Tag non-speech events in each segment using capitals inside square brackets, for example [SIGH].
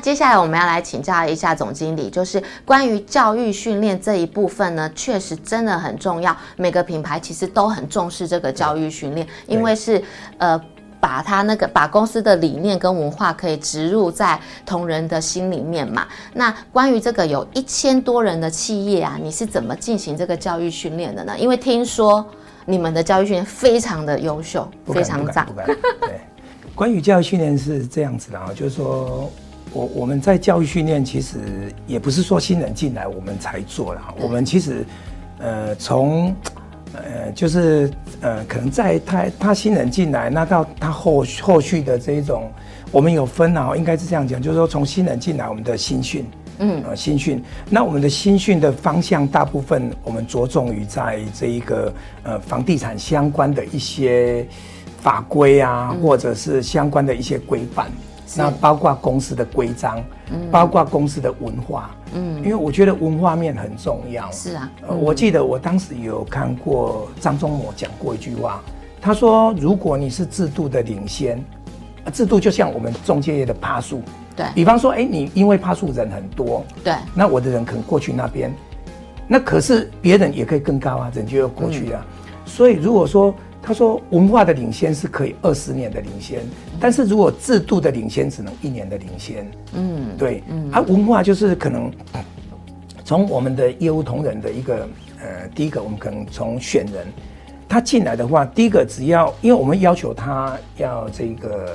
接下來我們要來請教一下總經理，就是關於教育訓練這一部分呢，確實真的很重要。每個品牌其實都很重視這個教育訓練，因為是呃，把他那個把公司的理念跟文化可以植入在同仁的心裡面嘛。那關於這個有一千多人的企業啊，你是怎麼進行這個教育訓練的呢？因為聽說你們的教育訓練非常的優秀，非常讚。 [LAUGHS] 對，關於教育訓練是這樣子的啊，就是說。我我們在教育訓練，其實也不是說新人進來我們才做啦，我們其實，呃，從，呃，就是呃，可能在他他新人進來，那到他後後續的這一種，我們有分啊，應該是這樣講，就是說從新人進來我們的新訓，嗯，啊新訓，那我們的新訓的方向大部分我們着重於在這一個呃房地產相關的一些法規啊，規範啊，嗯，或者是相關的一些規範。那包括公司的規章、嗯，包括公司的文化，嗯，因為我覺得文化面很重要。是啊，嗯呃、我記得我當時有看過張忠謀講過一句話，他說：“如果你是制度的領先，制度就像我們中介業的趴數，對，比方說，哎，你因為趴數人很多，對，那我的人肯過去那邊，那可是別人也可以更高啊，人就要過去啊，嗯。所以如果說……他說：“文化的領先是可以二十年的領先，但是如果制度的領先只能一年的領先。”嗯，對，嗯，啊，文化就是可能從我們的業務同仁的一個呃，第一個我們可能從選人，他進來的話，第一個只要因為我們要求他要這個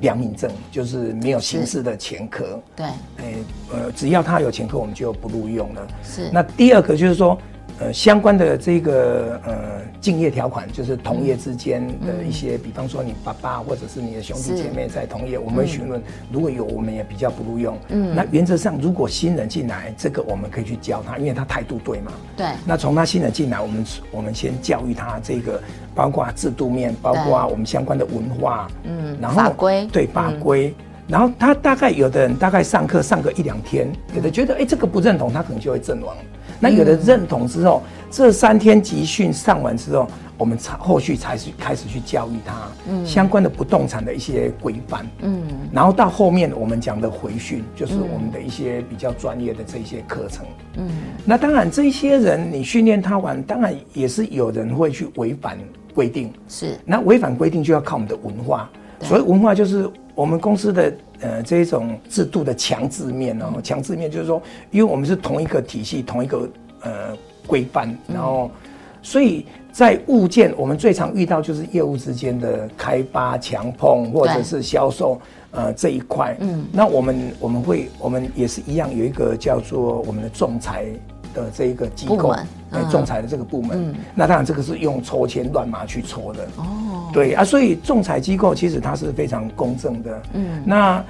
良民證，就是沒有刑事的前科。對，哎，呃，呃，只要他有前科，我們就不錄用了。是。那第二個就是說。呃，相關的這個呃，競業條款就是同業之間的一些、嗯嗯，比方說你爸爸或者是你的兄弟姐妹，在同業，嗯、我們會詢問，如果有，我們也比較不錄用。嗯，那原則上如果新人進來，這個我們可以去教他，因為他態度對嘛。對。那從他新人進來，我們我們先教育他這個，包括制度面，包括我們相關的文化，嗯，然後法規對法規、嗯，然後他大概有的人大概上課上個一兩天，有、嗯、的覺得哎、欸、這個不認同，他可能就會陣亡。那有的認同之後、嗯，這三天集訓上完之後，我們才後續才是開始去教育他、嗯、相關的不動產的一些規範，嗯，然後到後面我們講的回訓，就是我們的一些比較專業的這些課程，嗯，那當然這些人你訓練他完，當然也是有人會去違反規定，是，那違反規定就要靠我們的文化，所以文化就是我們公司的。呃，這種制度的強制面，哦，然、嗯、後強制面就是說，因為我們是同一個體系，同一個呃規範，然後，嗯、所以在物件我們最常遇到就是業務之間的開發強碰或者是銷售呃這一塊，嗯，那我們我們會我們也是一樣有一個叫做我們的仲裁的這一個機構來，嗯哎，仲裁的這個部門，嗯，那當然這個是用抽籤亂碼去抽的哦。對啊，所以仲裁機構其實它是非常公正的。嗯，那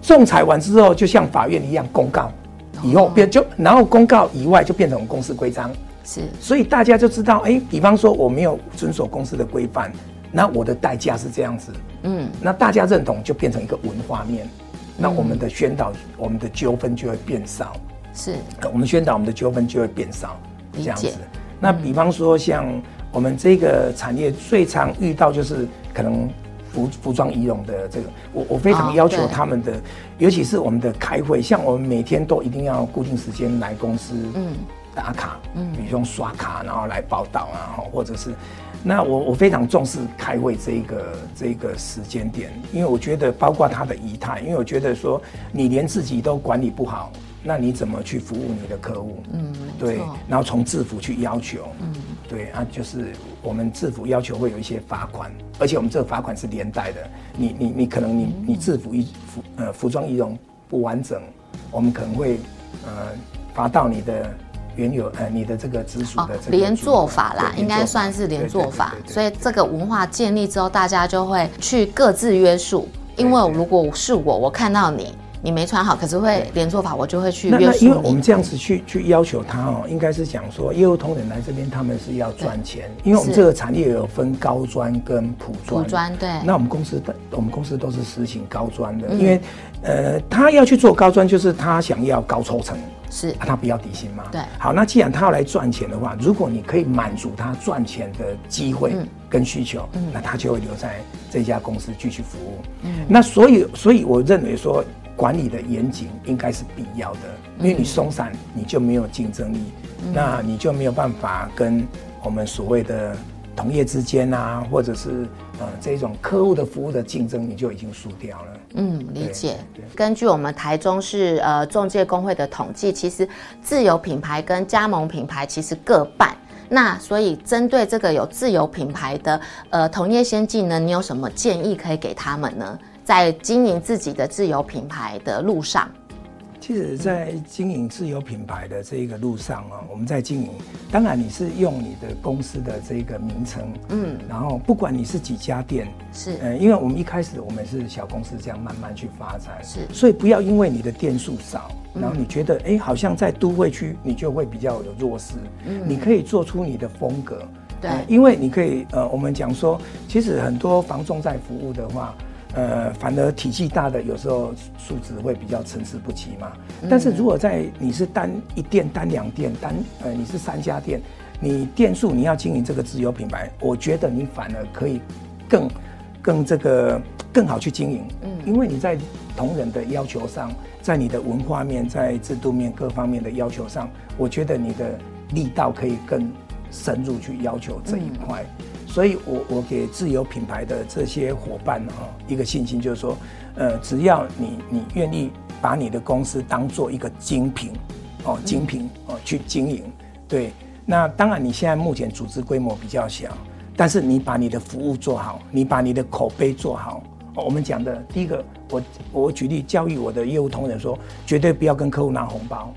仲裁完之後，就像法院一樣公告，以後變、哦、就然後公告以外就變成公司規章。是，所以大家就知道，哎、欸，比方說我沒有遵守公司的規範，那我的代價是這樣子。嗯，那大家認同就變成一個文化面、嗯，那我們的宣導，我們的糾紛就會變少。是，啊、我們宣導，我們的糾紛就會變少。理解。這樣子。那比方說，像我們這個產業最常遇到就是可能服服裝儀容的這個，我我非常要求他們的，尤其是我們的開會，像我們每天都一定要固定時間來公司，嗯，打卡，嗯，比如說刷卡然後來報到啊，或者是，那我我非常重視開會這個這個時間點，因為我覺得包括他的儀態，因為我覺得說你連自己都管理不好。那你怎麼去服務你的客戶？嗯，對，然後從制服去要求，嗯，對啊，就是我們制服要求會有一些罰款，而且我們這個罰款是連帶的。你你你可能你、嗯、你制服衣服呃服裝儀容不完整，我們可能會呃罰到你的原有呃你的這個直屬的這個主管、哦、連坐法啦連坐法，應該算是連坐法。所以這個文化建立之後，大家就會去各自約束，因為如果是我，我看到你。你沒穿好，可是會連坐法，我就會去。因為我們這樣子去去要求他哦，嗯、應該是講說業務同仁來這邊，他們是要賺錢。因為我們這個產業有分高專跟普專，普專對。那我們公司的我們公司都是實行高專的、嗯，因為呃他要去做高專，就是他想要高抽成，是他不要底薪嘛。對。好，那既然他要來賺錢的話，如果你可以滿足他賺錢的機會跟需求、嗯嗯，那他就會留在這家公司繼續服務。嗯，那所以所以我認為說。管理的嚴謹應該是必要的，因為你鬆散，你就沒有競爭力，嗯，那你就沒有辦法跟我們所謂的同業之間啊，或者是，呃、這種客戶的服務的競爭，你就已經輸掉了。嗯，理解。根據我們台中市呃仲介公會的統計，其實自有品牌跟加盟品牌其實各半。那所以針對這個有自有品牌的呃同業先進呢，你有什麼建議可以給他們呢？在經營自己的自有品牌的路上，其實，在經營自有品牌的這一個路上啊，我們在經營，當然你是用你的公司的這個名稱，嗯，然後不管你是幾家店，是，嗯、呃，因為我們一開始我們是小公司，這樣慢慢去發展，是，所以不要因為你的店數少，然後你覺得，哎、嗯欸，好像在都會區你就會比較有弱勢，嗯，你可以做出你的風格，對，嗯、因為你可以，呃，我們講說，其實很多房仲在服務的話。呃，反而體系大的有時候素質會比較參差不齊嘛。但是如果在你是單一店、單兩店、單呃你是三家店，你店數你要經營這個自有品牌，我覺得你反而可以更更這個更好去經營。嗯，因為你在同仁的要求上，在你的文化面、在制度面各方面的要求上，我覺得你的力道可以更深入去要求這一塊。所以我，我我給自有品牌的這些夥伴啊、哦，一個信心就是說，呃，只要你你願意把你的公司當作一個精品，哦，精品、嗯、哦去經營，對。那當然，你現在目前組織規模比較小，但是你把你的服務做好，你把你的口碑做好。哦、我們講的第一個，我我舉例教育我的業務同仁說，絕對不要跟客戶拿紅包，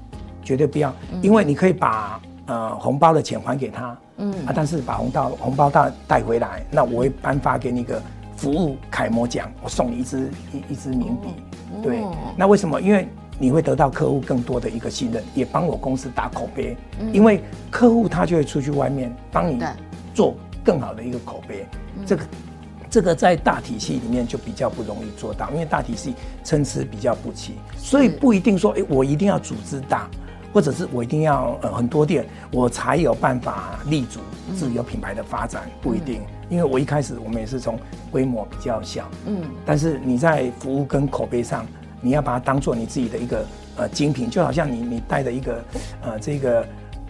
絕對不要，嗯、因為你可以把。呃，紅包的錢還給他，嗯，啊，但是把紅包紅包帶帶回來，那我會頒發給你一個服務楷模獎，我送你一支一一支名筆，哦，對，嗯，那為什麼？因為你會得到客戶更多的一個信任，也幫我公司打口碑，嗯，因為客戶他就會出去外面幫你做更好的一個口碑，嗯，這個這個在大體系裡面就比較不容易做到，因為大體系參差比較不齊，所以不一定說，哎，欸，我一定要組織大。或者是我一定要呃很多店我才有辦法立足自己有品牌的發展，嗯、不一定，因為我一開始我們也是從規模比較小，嗯，但是你在服務跟口碑上，你要把它當做你自己的一個呃精品，就好像你你帶的一個呃這個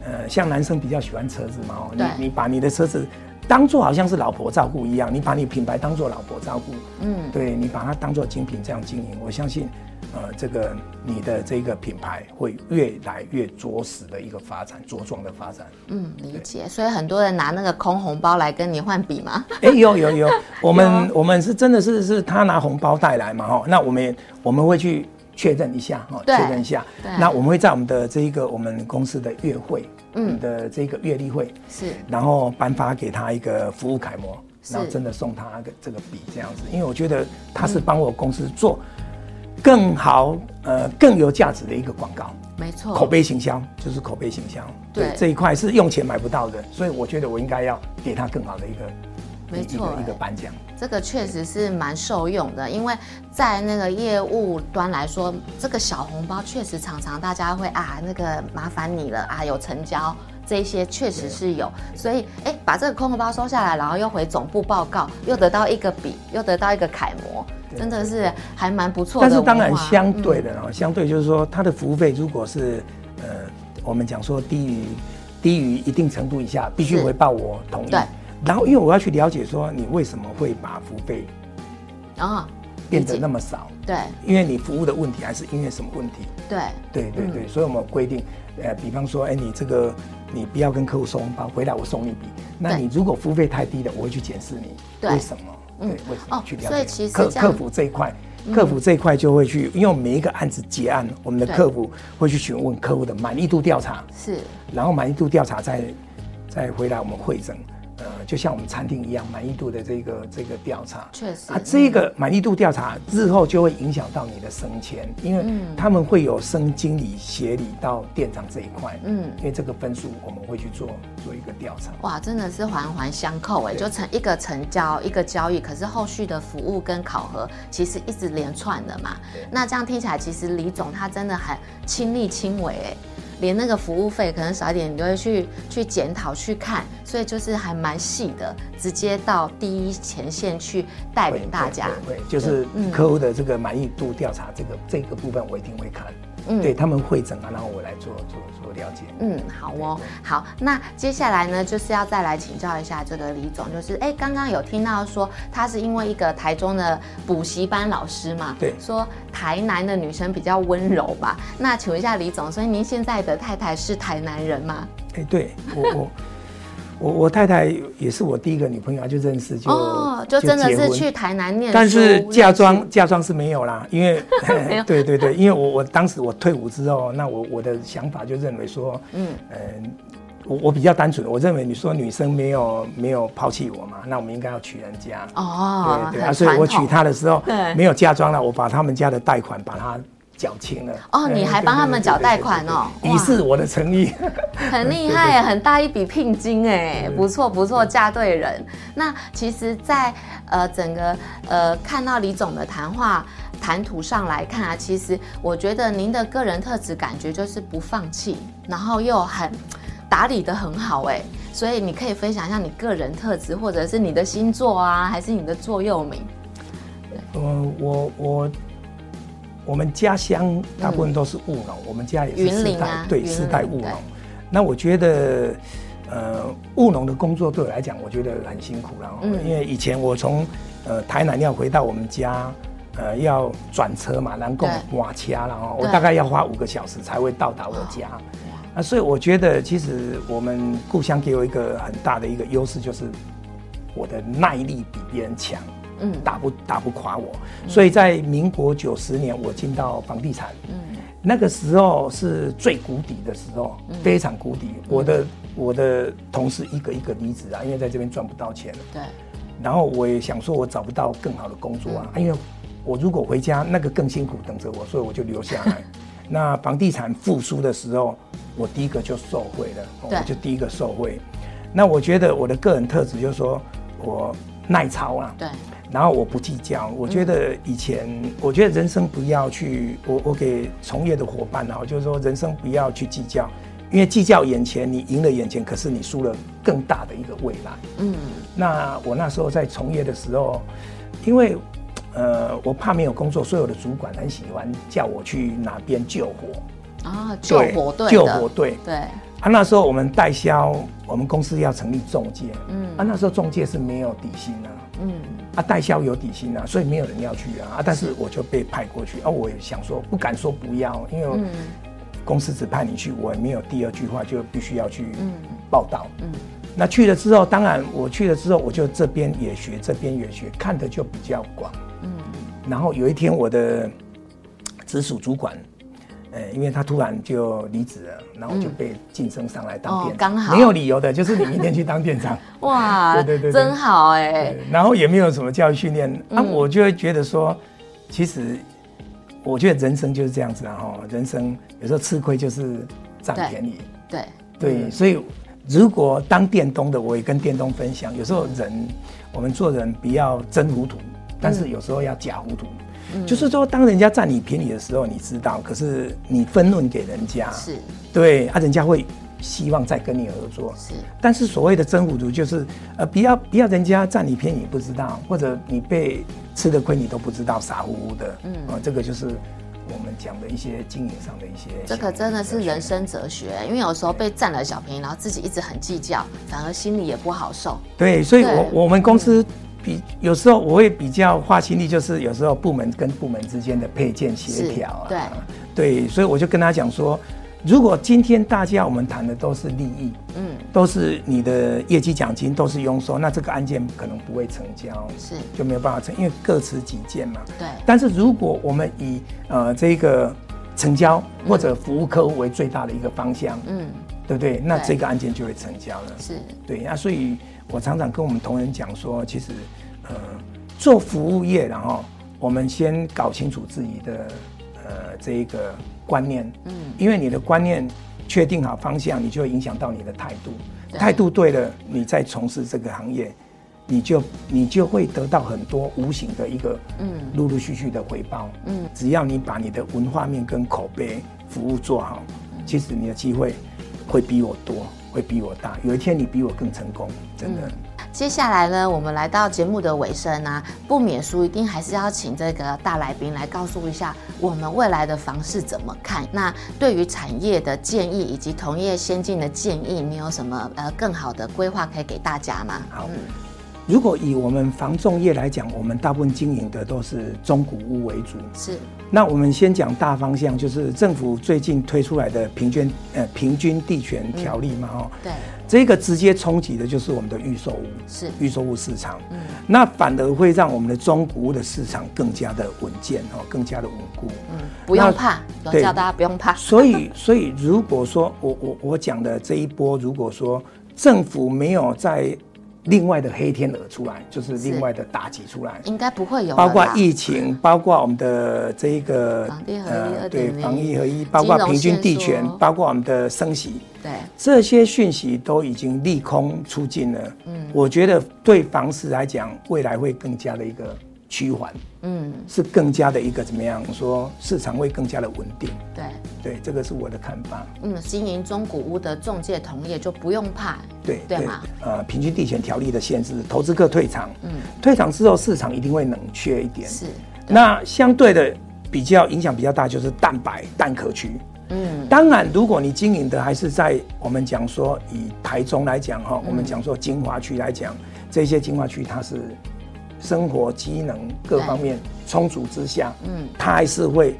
呃像男生比較喜歡車子嘛，哦，對，你你把你的車子當做好像是老婆照顧一樣，你把你品牌當做老婆照顧，嗯，對，你把它當做精品這樣經營，我相信。呃，這個你的這個品牌會越來越着實的一個發展，茁壯的發展。嗯，理解。所以很多人拿那個空紅包來跟你換筆嗎？哎、欸，有有有，有 [LAUGHS] 我們我們是真的是是他拿紅包帶來嘛哈？那我們我們會去確認一下哈，確認一下對。那我們會在我們的這一個我們公司的月會，嗯的這個月例會是，然後頒發給他一個服務楷模，然後真的送他個這個筆這樣子。因為我覺得他是幫我公司做。嗯更好，呃，更有價值的一個廣告，沒錯，口碑形象就是口碑形象，對，對這一塊是用錢買不到的，所以我覺得我應該要給他更好的一個，沒錯，一個頒獎，這個確實是蠻受用的，因為在那個業務端來說，這個小紅包確實常常大家會啊，那個麻煩你了啊，有成交這些確實是有，所以哎、欸，把這個空包收下來，然後又回總部報告，又得到一個筆，又得到一個楷模。真的是還蠻不錯的。但是當然相對的啊、嗯，相對就是說，他的服務費如果是呃，我們講說低於低於一定程度以下，必須回報我同意。然後因為我要去了解說你為什麼會把服務費啊變得那麼少、哦？對。因為你服務的問題還是因為什麼問題？對。對對對，對，所以我們規定，呃，比方說，哎，你這個你不要跟客戶送紅包，回來我送一筆。那你如果服務費太低了，我會去檢視你為什麼。嗯，為什麼、哦、去了解，對，所以其實客客服這一塊，客服這一塊就會去，嗯、因為每一個案子結案，我們的客服會去詢問客戶的滿意度調查，是，然後滿意度調查再再回來我們會診。呃，就像我們餐廳一樣，滿意度的這個這個調查，確實啊，這個滿意度調查、嗯、日後就會影響到你的升遷，因為他們會有升經理、協理到店長這一塊，嗯，因為這個分數我們會去做做一個調查。哇，真的是環環相扣哎、嗯，就成一個成交一個交易，可是後續的服務跟考核其實一直連串的嘛。那這樣聽起來，其實李總他真的很親力親為哎。連那個服務費可能少一點，你都會去去檢討去看，所以就是還蠻細的，直接到第一前線去帶領大家，對對對。對，就是客戶的這個滿意度調查，這個、嗯、這個部分我一定會看。嗯，對他們會診啊，然後我來做做做了解。嗯，好哦，對對，好，那接下來呢，就是要再來請教一下這個李總，就是哎，剛剛有聽到說他是因為一個台中的補習班老師嘛，對，說台南的女生比較溫柔吧。那請問一下李總，所以您現在的太太是台南人嗎？哎，對我我。我 [LAUGHS] 我我太太也是我第一個女朋友，就認識就、哦、就真的是去台南念書，但是嫁妝嫁妝是沒有啦，因為 [LAUGHS] 沒有笑對對對，因為我我當時我退伍之後，那我我的想法就認為說，嗯、呃、嗯，我我比較單純，我認為你說女生沒有沒有拋棄我嘛，那我們應該要娶人家哦，對對，對、啊，所以我娶她的時候沒有嫁妝了，我把他們家的貸款把它。繳清了哦，你還幫他們繳貸款哦？對對對對，你是我的誠意，很厲害 [LAUGHS] 對對對，很大一筆聘金哎，不錯不錯，嫁對人。對對對，那其實在，在呃整個呃看到李總的談話談吐上來看啊，其實我覺得您的個人特質感覺就是不放棄，然後又很打理得很好哎，所以你可以分享一下你個人特質，或者是你的星座啊，還是你的座右銘？嗯、呃，我我。我們家鄉大部分都是務農，嗯，我們家也是四代，啊、對，四代務農。那我覺得，呃，務農的工作對我來講，我覺得很辛苦了。後、嗯、因為以前我從呃台南要回到我們家，呃，要轉車嘛，南港瓦切啊，然後我大概要花五個小時才會到達我家。對啊，所以我覺得其實我們故鄉給我一個很大的一個優勢，就是我的耐力比別人強。打不打不垮我，所以在民國九十年，我進到房地產，嗯，那個時候是最谷底的時候，非常谷底，我的我的同事一個一個離職啊，因為在這邊賺不到錢，對，然後我也想說，我找不到更好的工作啊，因為我如果回家那個更辛苦等着我，所以我就留下來。那房地產復甦的時候，我第一個就受惠了，喔，我就第一個受惠。那我覺得我的個人特質就是說我耐操啊，對。然後我不計較，我覺得以前，嗯、我覺得人生不要去，我我給從業的夥伴啊，就是說人生不要去計較，因為計較眼前，你贏了眼前，可是你輸了更大的一個未來。嗯，那我那時候在從業的時候，因為呃我怕沒有工作，所有的主管很喜歡叫我去哪邊救火啊、哦，救火隊對，救火隊，對。啊，那時候我們代銷，我們公司要成立中介，嗯，啊，那時候中介是沒有底薪的、啊。嗯，啊，代銷有底薪啊，所以沒有人要去啊，啊，但是我就被派過去，啊，我也想說不敢說不要，因為公司只派你去，我也沒有第二句話，就必須要去報道。嗯，嗯，那去了之後，當然我去了之後，我就這邊也學，這邊也學，看的就比較廣，嗯，然後有一天我的直屬主管。因為他突然就離職了，然後就被晉升上來當店、嗯哦，剛好沒有理由的，就是你明天去當店長，哇，對對對，對，真好哎。然後也沒有什麼教育訓練那、嗯啊、我就會覺得說，其實我覺得人生就是這樣子哈、啊，人生有時候吃虧就是占便宜，對對，對、嗯，所以如果當店東的，我也跟店東分享，有時候人我們做人不要真糊塗，但是有時候要假糊塗。嗯、就是說，當人家占你便宜的時候，你知道；可是你分潤給人家，是對啊，人家會希望再跟你合作。是，但是所謂的真糊塗，就是呃，不要不要人家占你便宜不知道，或者你被吃的虧你都不知道，傻乎乎的。嗯，啊、呃，這個就是我們講的一些經營上的一些的。這可真的是人生哲學，因為有時候被占了小便宜，然後自己一直很計較，反而心裡也不好受。對，對所以我我們公司、嗯。比有時候我會比較花心力，就是有時候部門跟部門之間的配件協調啊，對啊，對，所以我就跟他講說，如果今天大家我們談的都是利益，嗯，都是你的業績獎金都是佣收，那這個案件可能不會成交，是就沒有辦法成，因為各持己見嘛。對。但是如果我們以呃這個成交或者服務客戶為最大的一個方向，嗯，對不對？那這個案件就會成交了。是對啊，所以。我常常跟我們同仁講說，其實，呃，做服務業，然後我們先搞清楚自己的呃這一個觀念，嗯，因為你的觀念確定好方向，你就會影響到你的態度，態度對了，你再從事這個行業，你就你就會得到很多無形的一個，嗯，陸陸續續的回報，嗯，只要你把你的文化面跟口碑服務做好，其實你的機會會比我多。會比我大，有一天你比我更成功，真的，嗯。接下來呢，我們來到節目的尾聲啊，不免俗，一定還是要請這個大來賓來告訴一下我們未來的房市怎麼看。那對於產業的建議以及同業先進的建議，你有什麼呃更好的規劃可以給大家嗎？好。嗯如果以我們房仲業來講，我們大部分經營的都是中古屋為主。是。那我們先講大方向，就是政府最近推出來的平均呃平均地權條例嘛，哦、嗯，對。這個直接衝擊的就是我們的預售屋。是。預售屋市場。嗯。那反而會讓我們的中古屋的市場更加的穩健哦，更加的穩固。嗯。不用怕，要叫大家不用怕。所以，所以如果說我我我講的這一波，如果說政府沒有在另外的黑天鵝出來，就是另外的打擊出來，應該不會有，包括疫情，包括我們的這一個，房地合一，呃一呃，對，房地合一，包括平均地權，包括我們的升息，對，這些訊息都已經利空出盡了。嗯，我覺得對房市來講，未來會更加的一個趨緩，嗯，是更加的一個怎麼樣說，市場會更加的穩定。對，對，這個是我的看法。嗯，經營中古屋的中介同業就不用怕。對對,對呃，平均地權條例的限制，投資客退場，嗯，退場之後市場一定會冷卻一點，是。那相對的比較影響比較大就是蛋白蛋殼區，嗯，當然如果你經營的還是在我們講說以台中來講哈、嗯，我們講說精華區來講，這些精華區它是生活機能各方面充足之下，嗯，它還是會。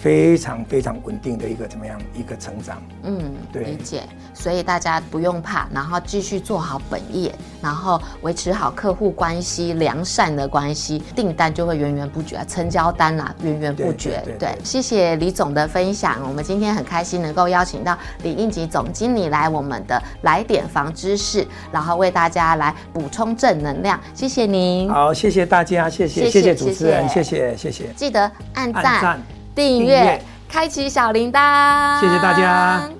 非常非常穩定的一個怎麼樣一個成長？嗯，對。理解，所以大家不用怕，然後繼續做好本業，然後維持好客戶關係，良善的關係，訂單就會源源不絕啊，成交單啊源源不絕，對對對對。對，謝謝李總的分享。我們今天很開心能夠邀請到李應吉總經理來我們的來點房知識，然後為大家來補充正能量。謝謝您。好，謝謝大家，謝謝謝謝，謝，謝，謝謝主持人，謝謝謝謝，謝謝。記得按贊。按讚訂閱，開啟小鈴鐺。謝謝大家。